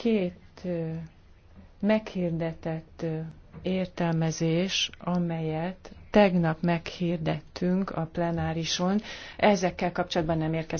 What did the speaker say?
két meghirdetett értelmezés, amelyet tegnap meghirdettünk a plenárison, ezekkel kapcsolatban nem érkezett.